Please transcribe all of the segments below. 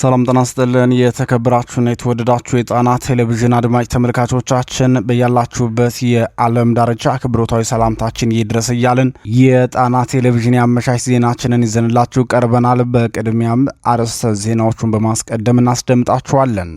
ሰላም ጤና ይስጥልን። የተከበራችሁና የተወደዳችሁ የጣና ቴሌቪዥን አድማጭ ተመልካቾቻችን በያላችሁበት የዓለም ዳርቻ አክብሮታዊ ሰላምታችን ይድረስ እያልን የጣና ቴሌቪዥን የአመሻሽ ዜናችንን ይዘንላችሁ ቀርበናል። በቅድሚያም አርዕስተ ዜናዎቹን በማስቀደም እናስደምጣችኋለን።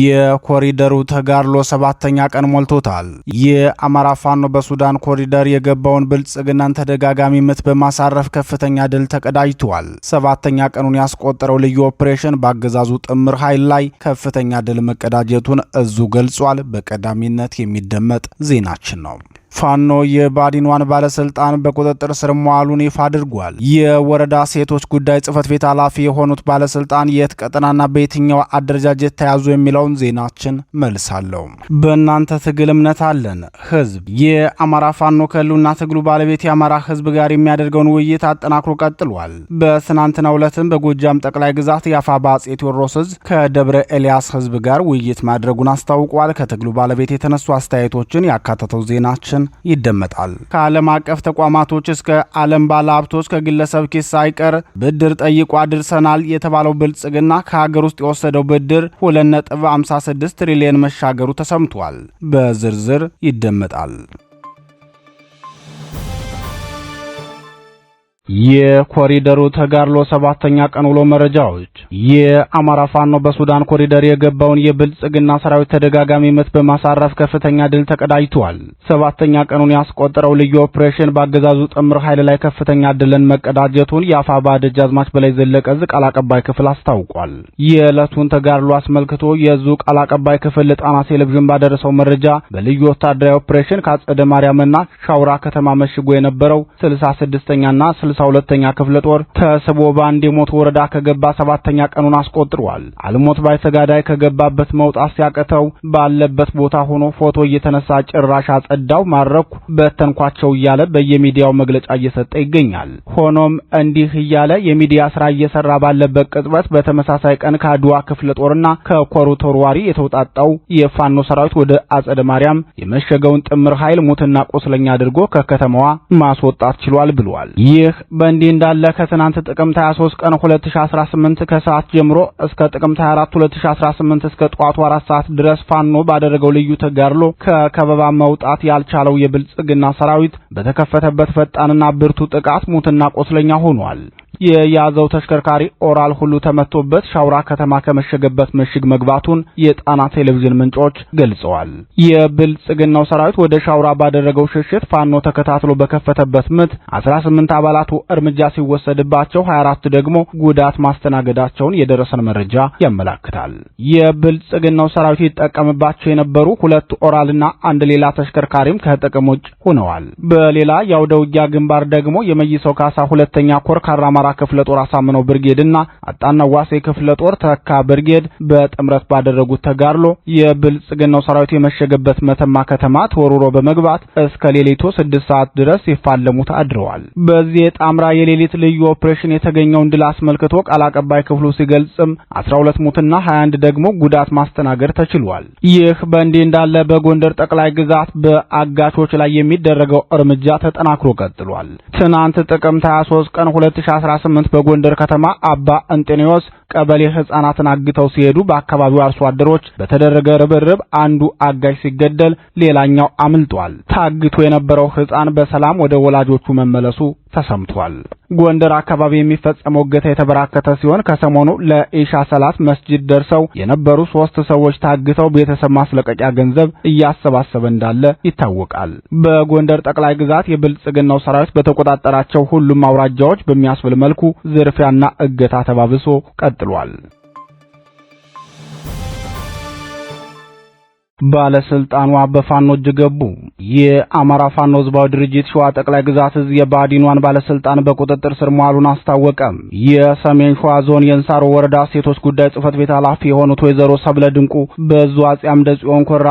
የኮሪደሩ ተጋድሎ ሰባተኛ ቀን ሞልቶታል። የአማራ ፋኖ በሱዳን ኮሪደር የገባውን ብልጽግናን ተደጋጋሚ ምት በማሳረፍ ከፍተኛ ድል ተቀዳጅቷል። ሰባተኛ ቀኑን ያስቆጠረው ልዩ ኦፕሬሽን ባገ በአገዛዙ ጥምር ኃይል ላይ ከፍተኛ ድል መቀዳጀቱን እዙ ገልጿል። በቀዳሚነት የሚደመጥ ዜናችን ነው። ፋኖ የባዲንዋን ባለስልጣን በቁጥጥር ስር መዋሉን ይፋ አድርጓል። የወረዳ ሴቶች ጉዳይ ጽህፈት ቤት ኃላፊ የሆኑት ባለስልጣን የት ቀጠናና በየትኛው አደረጃጀት ተያዙ የሚለውን ዜናችን መልሳለሁ። በእናንተ ትግል እምነት አለን። ህዝብ የአማራ ፋኖ ከህልውና ትግሉ ባለቤት የአማራ ህዝብ ጋር የሚያደርገውን ውይይት አጠናክሮ ቀጥሏል። በትናንትናው ዕለትም በጎጃም ጠቅላይ ግዛት የአፋ በአጼ ቴዎድሮስ እዝ ከደብረ ኤልያስ ህዝብ ጋር ውይይት ማድረጉን አስታውቋል። ከትግሉ ባለቤት የተነሱ አስተያየቶችን ያካተተው ዜናችን ይደመጣል። ከዓለም አቀፍ ተቋማቶች እስከ ዓለም ባለሀብቶች ከግለሰብ ኪስ ሳይቀር ብድር ጠይቆ አድርሰናል የተባለው ብልጽግና ከሀገር ውስጥ የወሰደው ብድር 2.56 ትሪሊየን መሻገሩ ተሰምቷል። በዝርዝር ይደመጣል። የኮሪደሩ ተጋድሎ ሰባተኛ ቀን ውሎ መረጃዎች። የአማራ ፋኖ በሱዳን ኮሪደር የገባውን የብልጽግና ሰራዊት ተደጋጋሚ ምት በማሳረፍ ከፍተኛ ድል ተቀዳጅቷል። ሰባተኛ ቀኑን ያስቆጠረው ልዩ ኦፕሬሽን በአገዛዙ ጥምር ኃይል ላይ ከፍተኛ ድልን መቀዳጀቱን የአፋባ አዝማች በላይ ዘለቀ ዕዝ ቃል አቀባይ ክፍል አስታውቋል። የዕለቱን ተጋድሎ አስመልክቶ የዕዙ ቃል አቀባይ ክፍል ለጣና ቴሌቪዥን ባደረሰው መረጃ በልዩ ወታደራዊ ኦፕሬሽን ከአጸደ ማርያምና ሻውራ ከተማ መሽጎ የነበረው ስልሳ ስድስተኛና ስልሳ ሁለተኛ ክፍለ ጦር ተስቦ በአንድ የሞት ወረዳ ከገባ ሰባተኛ ቀኑን አስቆጥሯል። አልሞት ባይ ከገባበት መውጣት ሲያቅተው ባለበት ቦታ ሆኖ ፎቶ እየተነሳ ጭራሽ አጸዳው፣ ማረኩ፣ በተንኳቸው እያለ በየሚዲያው መግለጫ እየሰጠ ይገኛል። ሆኖም እንዲህ እያለ የሚዲያ ስራ እየሰራ ባለበት ቅጽበት በተመሳሳይ ቀን ከአድዋ ክፍለ ጦርና ከኮሩ ዋሪ የተውጣጣው የፋኖ ሰራዊት ወደ አጸደ ማርያም የመሸገውን ጥምር ኃይል ሙትና ቁስለኛ አድርጎ ከከተማዋ ማስወጣት ችሏል ብሏል። ይህ በእንዲህ እንዳለ ከትናንት ጥቅምት 23 ቀን 2018 ከሰዓት ጀምሮ እስከ ጥቅምት 24 2018 እስከ ጠዋቱ 4 ሰዓት ድረስ ፋኖ ባደረገው ልዩ ተጋድሎ ከከበባ መውጣት ያልቻለው የብልጽግና ሰራዊት በተከፈተበት ፈጣንና ብርቱ ጥቃት ሙትና ቆስለኛ ሆኗል። የያዘው ተሽከርካሪ ኦራል ሁሉ ተመቶበት ሻውራ ከተማ ከመሸገበት ምሽግ መግባቱን የጣና ቴሌቪዥን ምንጮች ገልጸዋል። የብልጽግናው ሰራዊት ወደ ሻውራ ባደረገው ሽሽት ፋኖ ተከታትሎ በከፈተበት ምት 18 አባላቱ እርምጃ ሲወሰድባቸው 24 ደግሞ ጉዳት ማስተናገዳቸውን የደረሰን መረጃ ያመላክታል። የብልጽግናው ሰራዊት ይጠቀምባቸው የነበሩ ሁለት ኦራልና አንድ ሌላ ተሽከርካሪም ከጥቅም ውጭ ሆነዋል። በሌላ የአውደ ውጊያ ግንባር ደግሞ የመይሰው ካሳ ሁለተኛ ኮር ካራማራ አማራ ክፍለ ጦር አሳምነው ብርጌድና አጣና ዋሴ ክፍለ ጦር ተካ ብርጌድ በጥምረት ባደረጉት ተጋድሎ የብልጽግናው ሰራዊት የመሸገበት መተማ ከተማ ተወርሮ በመግባት እስከ ሌሊቱ ስድስት ሰዓት ድረስ ሲፋለሙት አድረዋል። በዚህ የጣምራ የሌሊት ልዩ ኦፕሬሽን የተገኘውን ድል አስመልክቶ ቃል አቀባይ ክፍሉ ሲገልጽም 12 ሙትና 21 ደግሞ ጉዳት ማስተናገድ ተችሏል። ይህ በእንዲህ እንዳለ በጎንደር ጠቅላይ ግዛት በአጋቾች ላይ የሚደረገው እርምጃ ተጠናክሮ ቀጥሏል። ትናንት ጥቅምት 23 ቀን 2013 ስምንት በጎንደር ከተማ አባ እንጤኔዎስ ቀበሌ ህጻናትን አግተው ሲሄዱ በአካባቢው አርሶ አደሮች በተደረገ ርብርብ አንዱ አጋዥ ሲገደል፣ ሌላኛው አምልጧል። ታግቶ የነበረው ህጻን በሰላም ወደ ወላጆቹ መመለሱ ተሰምቷል። ጎንደር አካባቢ የሚፈጸመው እገታ የተበራከተ ሲሆን ከሰሞኑ ለኢሻ ሰላት መስጂድ ደርሰው የነበሩ ሶስት ሰዎች ታግተው ቤተሰብ ማስለቀቂያ ገንዘብ እያሰባሰበ እንዳለ ይታወቃል። በጎንደር ጠቅላይ ግዛት የብልጽግናው ሰራዊት በተቆጣጠራቸው ሁሉም አውራጃዎች በሚያስብል መልኩ ዝርፊያና እገታ ተባብሶ ቀጥሏል። ባለስልጣኗ በፋኖ እጅ ገቡ። የአማራ ፋኖ ህዝባዊ ድርጅት ሸዋ ጠቅላይ ግዛት እዝ የባዲኗን ባለስልጣን በቁጥጥር ስር መዋሉን አስታወቀም። የሰሜን ሸዋ ዞን የእንሳሮ ወረዳ ሴቶች ጉዳይ ጽህፈት ቤት ኃላፊ የሆኑት ወይዘሮ ሰብለ ድንቁ በዙ አጼ አምደ ጽዮን ኮር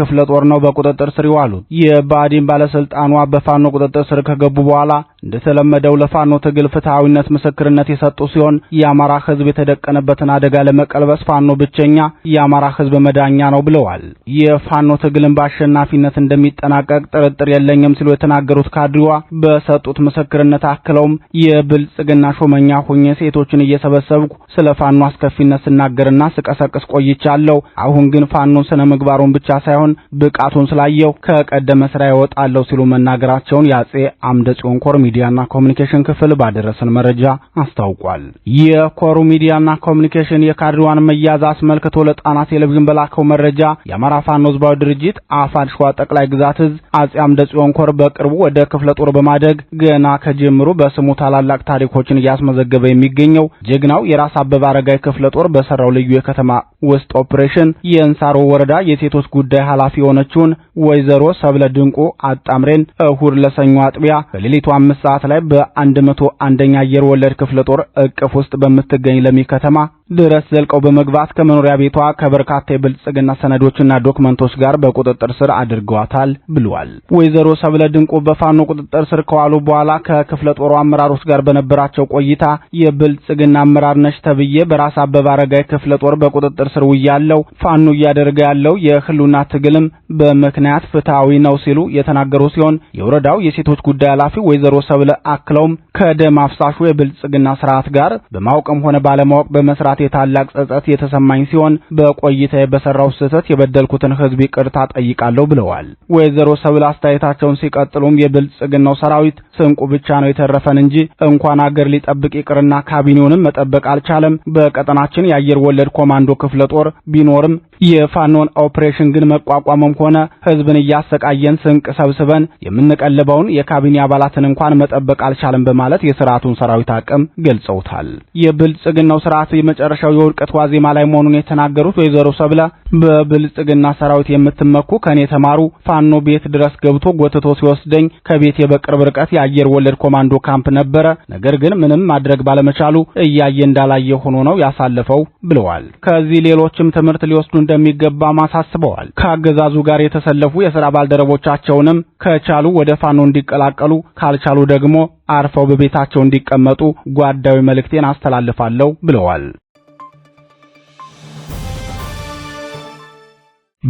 ክፍለ ጦር ነው በቁጥጥር ስር ይዋሉት። የባዲን ባለስልጣኗ በፋኖ ቁጥጥር ስር ከገቡ በኋላ እንደተለመደው ለፋኖ ትግል ፍትሐዊነት ምስክርነት የሰጡ ሲሆን የአማራ ህዝብ የተደቀነበትን አደጋ ለመቀልበስ ፋኖ ብቸኛ የአማራ ህዝብ መዳኛ ነው ብለዋል። የፋኖ ትግልን በአሸናፊነት እንደሚጠናቀቅ ጥርጥር የለኝም ሲሉ የተናገሩት ካድሬዋ በሰጡት ምስክርነት አክለውም የብልጽግና ሾመኛ ሆኜ ሴቶችን እየሰበሰብኩ ስለ ፋኖ አስከፊነት ስናገርና ስቀሰቅስ ቆይቻለሁ። አሁን ግን ፋኖን ስነ ምግባሩን ብቻ ሳይሆን ብቃቱን ስላየው ከቀደመ ስራ ይወጣለሁ ሲሉ መናገራቸውን የአጼ አምደ ጽዮን ኮርሚ ሚዲያና ኮሚኒኬሽን ክፍል ባደረሰን መረጃ አስታውቋል። የኮሩ ሚዲያና ኮሚኒኬሽን የካድሬዋን መያዝ አስመልክቶ ለጣና ቴሌቪዥን በላከው መረጃ የአማራ ፋኖ ህዝባዊ ድርጅት አፋድ ሸዋ ጠቅላይ ግዛት እዝ አጼ አምደ ጽዮን ኮር በቅርቡ ወደ ክፍለ ጦር በማደግ ገና ከጀምሩ በስሙ ታላላቅ ታሪኮችን እያስመዘገበ የሚገኘው ጀግናው የራስ አበበ አረጋይ ክፍለ ጦር በሰራው ልዩ የከተማ ውስጥ ኦፕሬሽን የእንሳሮ ወረዳ የሴቶች ጉዳይ ኃላፊ የሆነችውን ወይዘሮ ሰብለ ድንቁ አጣምሬን እሁድ ለሰኞ አጥቢያ በሌሊቱ አምስት ሰዓት ላይ በ101ኛ አየር ወለድ ክፍለ ጦር እቅፍ ውስጥ በምትገኝ ለሚ ከተማ ድረስ ዘልቀው በመግባት ከመኖሪያ ቤቷ ከበርካታ የብልጽግና ሰነዶችና ዶክመንቶች ጋር በቁጥጥር ስር አድርገዋታል ብሏል። ወይዘሮ ሰብለ ድንቁ በፋኖ ቁጥጥር ስር ከዋሉ በኋላ ከክፍለ ጦሩ አመራሮች ጋር በነበራቸው ቆይታ የብልጽግና አመራር ነሽ ተብዬ በራስ አበበ አረጋይ ክፍለ ጦር በቁጥጥር ስር ውያለው፣ ፋኖ እያደረገ ያለው የህሉና ትግልም በምክንያት ፍትሐዊ ነው ሲሉ የተናገሩ ሲሆን የወረዳው የሴቶች ጉዳይ ኃላፊ ወይዘሮ ሰብለ አክለውም ከደም አፍሳሹ የብልጽግና ስርዓት ጋር በማወቅም ሆነ ባለማወቅ በመስራት የታላቅ ጸጸት የተሰማኝ ሲሆን በቆይታ በሰራው ስህተት የበደልኩትን ህዝብ ይቅርታ ጠይቃለሁ ብለዋል። ወይዘሮ ሰብል አስተያየታቸውን ሲቀጥሉም የብልጽግናው ሰራዊት ስንቁ ብቻ ነው የተረፈን እንጂ እንኳን አገር ሊጠብቅ ይቅርና ካቢኔውንም መጠበቅ አልቻለም። በቀጠናችን የአየር ወለድ ኮማንዶ ክፍለ ጦር ቢኖርም የፋኖን ኦፕሬሽን ግን መቋቋምም ሆነ ህዝብን እያሰቃየን ስንቅ ሰብስበን የምንቀልበውን የካቢኔ አባላትን እንኳን መጠበቅ አልቻለም በማለት የስርዓቱን ሰራዊት አቅም ገልጸውታል። የብልጽግናው ስርዓት የመጨረሻው የውድቀት ዋዜማ ላይ መሆኑን የተናገሩት ወይዘሮ ሰብለ በብልጽግና ሰራዊት የምትመኩ ከኔ ተማሩ፣ ፋኖ ቤት ድረስ ገብቶ ጎትቶ ሲወስደኝ ከቤት በቅርብ ርቀት የአየር ወለድ ኮማንዶ ካምፕ ነበረ። ነገር ግን ምንም ማድረግ ባለመቻሉ እያየ እንዳላየ ሆኖ ነው ያሳለፈው ብለዋል። ከዚህ ሌሎችም ትምህርት ሊወስዱ እንደሚገባም አሳስበዋል። ከአገዛዙ ጋር የተሰለፉ የሥራ ባልደረቦቻቸውንም ከቻሉ ወደ ፋኖ እንዲቀላቀሉ፣ ካልቻሉ ደግሞ አርፈው በቤታቸው እንዲቀመጡ ጓዳዊ መልእክቴን አስተላልፋለሁ ብለዋል።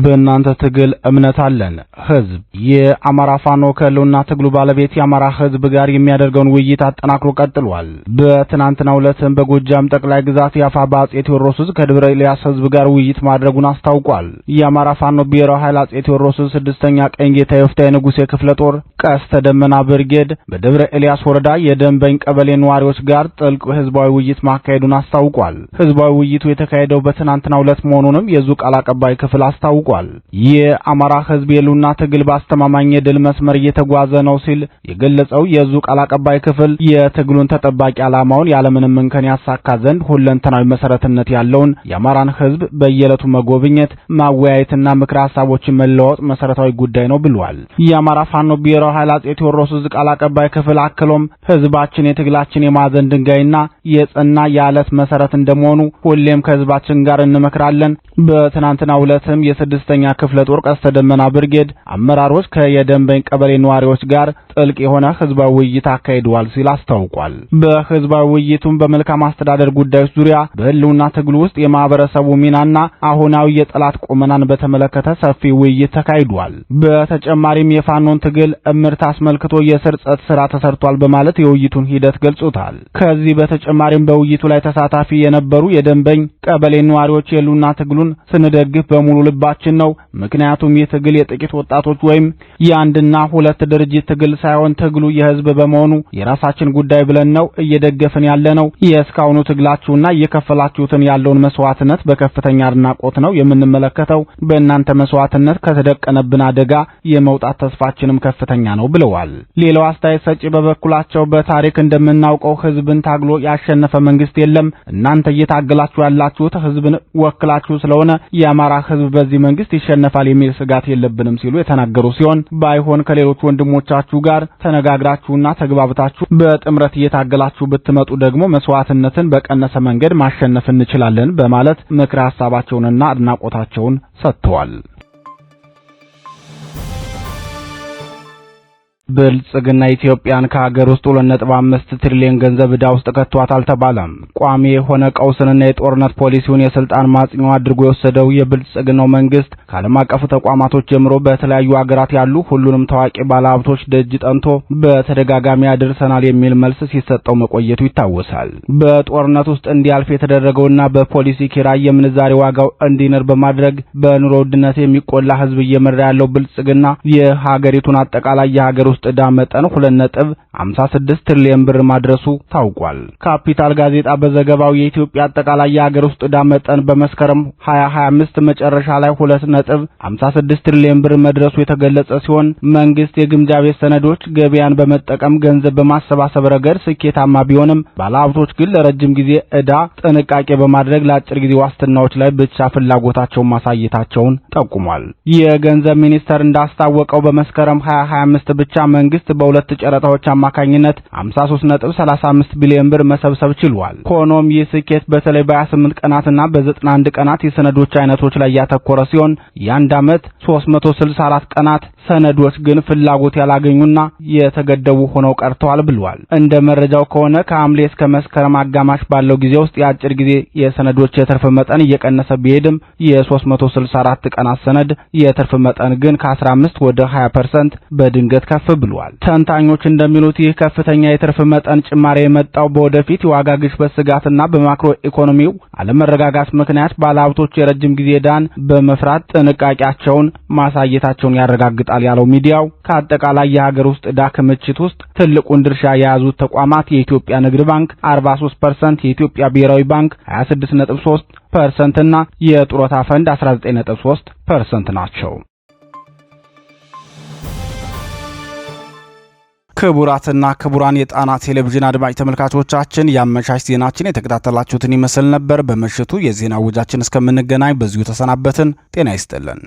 በእናንተ ትግል እምነት አለን። ህዝብ የአማራ ፋኖ ከህልውና ትግሉ ባለቤት የአማራ ህዝብ ጋር የሚያደርገውን ውይይት አጠናክሮ ቀጥሏል። በትናንትናው ዕለትም በጎጃም ጠቅላይ ግዛት የአፋባ አጼ ቴዎድሮስ ዕዝ ከደብረ ኤልያስ ህዝብ ጋር ውይይት ማድረጉን አስታውቋል። የአማራ ፋኖ ብሔራዊ ኃይል አጼ ቴዎድሮስ ዕዝ ስድስተኛ ቀኝ ጌታ የወፍታዊ ንጉሴ ክፍለ ጦር ቀስተ ደመና ብርጌድ በደብረ ኤልያስ ወረዳ የደንበኝ ቀበሌ ነዋሪዎች ጋር ጥልቅ ህዝባዊ ውይይት ማካሄዱን አስታውቋል። ህዝባዊ ውይይቱ የተካሄደው በትናንትናው ዕለት መሆኑንም የዙ ቃል አቀባይ ክፍል አስታውቋል። አስታውቋል። የአማራ ህዝብ የሉና ትግል በአስተማማኝ የድል መስመር እየተጓዘ ነው ሲል የገለጸው የዙ ቃል አቀባይ ክፍል የትግሉን ተጠባቂ ዓላማውን ያለምንም እንከን ያሳካ ዘንድ ሁለንተናዊ መሰረትነት ያለውን የአማራን ህዝብ በየዕለቱ መጎብኘት፣ ማወያየትና ምክረ ሀሳቦችን መለዋወጥ መሰረታዊ ጉዳይ ነው ብሏል። የአማራ ፋኖ ብሔራዊ ኃይል አጼ ቴዎድሮስ ዝ ቃል አቀባይ ክፍል አክሎም ህዝባችን የትግላችን የማዕዘን ድንጋይና የጸና የአለት መሰረት እንደመሆኑ ሁሌም ከህዝባችን ጋር እንመክራለን። በትናንትናው ዕለትም ስድስተኛ ክፍለ ጦር ቀስተ ደመና ብርጌድ አመራሮች ከየደንበኝ ቀበሌ ነዋሪዎች ጋር ጥልቅ የሆነ ህዝባዊ ውይይት አካሂደዋል ሲል አስታውቋል። በህዝባዊ ውይይቱም በመልካም አስተዳደር ጉዳዮች ዙሪያ በህልውና ትግል ውስጥ የማህበረሰቡ ሚናና አሁናዊ የጠላት ቁመናን በተመለከተ ሰፊ ውይይት ተካሂዷል። በተጨማሪም የፋኖን ትግል እምርት አስመልክቶ የስርጸት ስራ ተሰርቷል በማለት የውይይቱን ሂደት ገልጾታል። ከዚህ በተጨማሪም በውይይቱ ላይ ተሳታፊ የነበሩ የደንበኝ ቀበሌ ነዋሪዎች የህልውና ትግሉን ስንደግፍ በሙሉ ልባቸው መሆናችን ነው። ምክንያቱም ይህ ትግል የጥቂት ወጣቶች ወይም የአንድና ሁለት ድርጅት ትግል ሳይሆን ትግሉ የህዝብ በመሆኑ የራሳችን ጉዳይ ብለን ነው እየደገፍን ያለ ነው። የእስካሁኑ ትግላችሁና እየከፈላችሁትን ያለውን መስዋዕትነት በከፍተኛ አድናቆት ነው የምንመለከተው። በእናንተ መስዋዕትነት ከተደቀነብን አደጋ የመውጣት ተስፋችንም ከፍተኛ ነው ብለዋል። ሌላው አስተያየት ሰጪ በበኩላቸው በታሪክ እንደምናውቀው ህዝብን ታግሎ ያሸነፈ መንግስት የለም። እናንተ እየታገላችሁ ያላችሁት ህዝብን ወክላችሁ ስለሆነ የአማራ ህዝብ በዚህ መንግስት ይሸነፋል የሚል ስጋት የለብንም ሲሉ የተናገሩ ሲሆን ባይሆን ከሌሎች ወንድሞቻችሁ ጋር ተነጋግራችሁና ተግባብታችሁ በጥምረት እየታገላችሁ ብትመጡ ደግሞ መስዋዕትነትን በቀነሰ መንገድ ማሸነፍ እንችላለን በማለት ምክረ ሀሳባቸውንና አድናቆታቸውን ሰጥተዋል። ብልጽግና ኢትዮጵያን ከሀገር ውስጥ ሁለት ነጥብ አምስት ትሪሊዮን ገንዘብ ዕዳ ውስጥ ከቷት አልተባለም። ቋሚ የሆነ ቀውስንና የጦርነት ፖሊሲውን የስልጣን ማጽኛው አድርጎ የወሰደው የብልጽግናው መንግስት ከዓለም አቀፉ ተቋማቶች ጀምሮ በተለያዩ ሀገራት ያሉ ሁሉንም ታዋቂ ባለሀብቶች ደጅ ጠንቶ በተደጋጋሚ ያደርሰናል የሚል መልስ ሲሰጠው መቆየቱ ይታወሳል። በጦርነት ውስጥ እንዲያልፍ የተደረገውና በፖሊሲ ኪራይ የምንዛሬ ዋጋው እንዲንር በማድረግ በኑሮ ውድነት የሚቆላ ህዝብ እየመራ ያለው ብልጽግና የሀገሪቱን አጠቃላይ የሀገር ውስጥ የውስጥ ዕዳ መጠን 2.56 ትሪሊዮን ብር ማድረሱ ታውቋል። ካፒታል ጋዜጣ በዘገባው የኢትዮጵያ አጠቃላይ የአገር ውስጥ ዕዳ መጠን በመስከረም 2025 መጨረሻ ላይ 2.56 ትሪሊዮን ብር መድረሱ የተገለጸ ሲሆን መንግስት የግምጃ ቤት ሰነዶች ገበያን በመጠቀም ገንዘብ በማሰባሰብ ረገድ ስኬታማ ቢሆንም ባለሀብቶች ግን ለረጅም ጊዜ ዕዳ ጥንቃቄ በማድረግ ለአጭር ጊዜ ዋስትናዎች ላይ ብቻ ፍላጎታቸውን ማሳየታቸውን ጠቁሟል። የገንዘብ ሚኒስቴር እንዳስታወቀው በመስከረም 2025 ብቻ መንግስት በሁለት ጨረታዎች አማካኝነት 53.35 ቢሊዮን ብር መሰብሰብ ችሏል። ሆኖም ይህ ስኬት በተለይ በ28 ቀናትና በ91 ቀናት የሰነዶች አይነቶች ላይ ያተኮረ ሲሆን የአንድ ዓመት 364 ቀናት ሰነዶች ግን ፍላጎት ያላገኙና የተገደቡ ሆነው ቀርተዋል ብሏል። እንደ መረጃው ከሆነ ከሐምሌ እስከ መስከረም አጋማሽ ባለው ጊዜ ውስጥ የአጭር ጊዜ የሰነዶች የትርፍ መጠን እየቀነሰ ቢሄድም የ364 ቀናት ሰነድ የትርፍ መጠን ግን ከ15 ወደ 20 ፐርሰንት በድንገት ከፍ ብሏል። ተንታኞች እንደሚሉት ይህ ከፍተኛ የትርፍ መጠን ጭማሪ የመጣው በወደፊት የዋጋ ግሽበት ስጋትና በማክሮ ኢኮኖሚው አለመረጋጋት ምክንያት ባለሀብቶች የረጅም ጊዜ ዕዳን በመፍራት ጥንቃቄያቸውን ማሳየታቸውን ያረጋግጣል ያለው ሚዲያው ከአጠቃላይ የሀገር ውስጥ ዕዳ ክምችት ውስጥ ትልቁን ድርሻ የያዙት ተቋማት የኢትዮጵያ ንግድ ባንክ 43 ፐርሰንት፣ የኢትዮጵያ ብሔራዊ ባንክ 26.3 %እና የጡረታ ፈንድ 19.3 ፐርሰንት ናቸው። ክቡራትና ክቡራን የጣና ቴሌቪዥን አድማጭ ተመልካቾቻችን የአመሻሽ ዜናችን የተከታተላችሁትን ይመስል ነበር። በምሽቱ የዜና ውጃችን እስከምንገናኝ በዚሁ ተሰናበትን። ጤና ይስጥልን።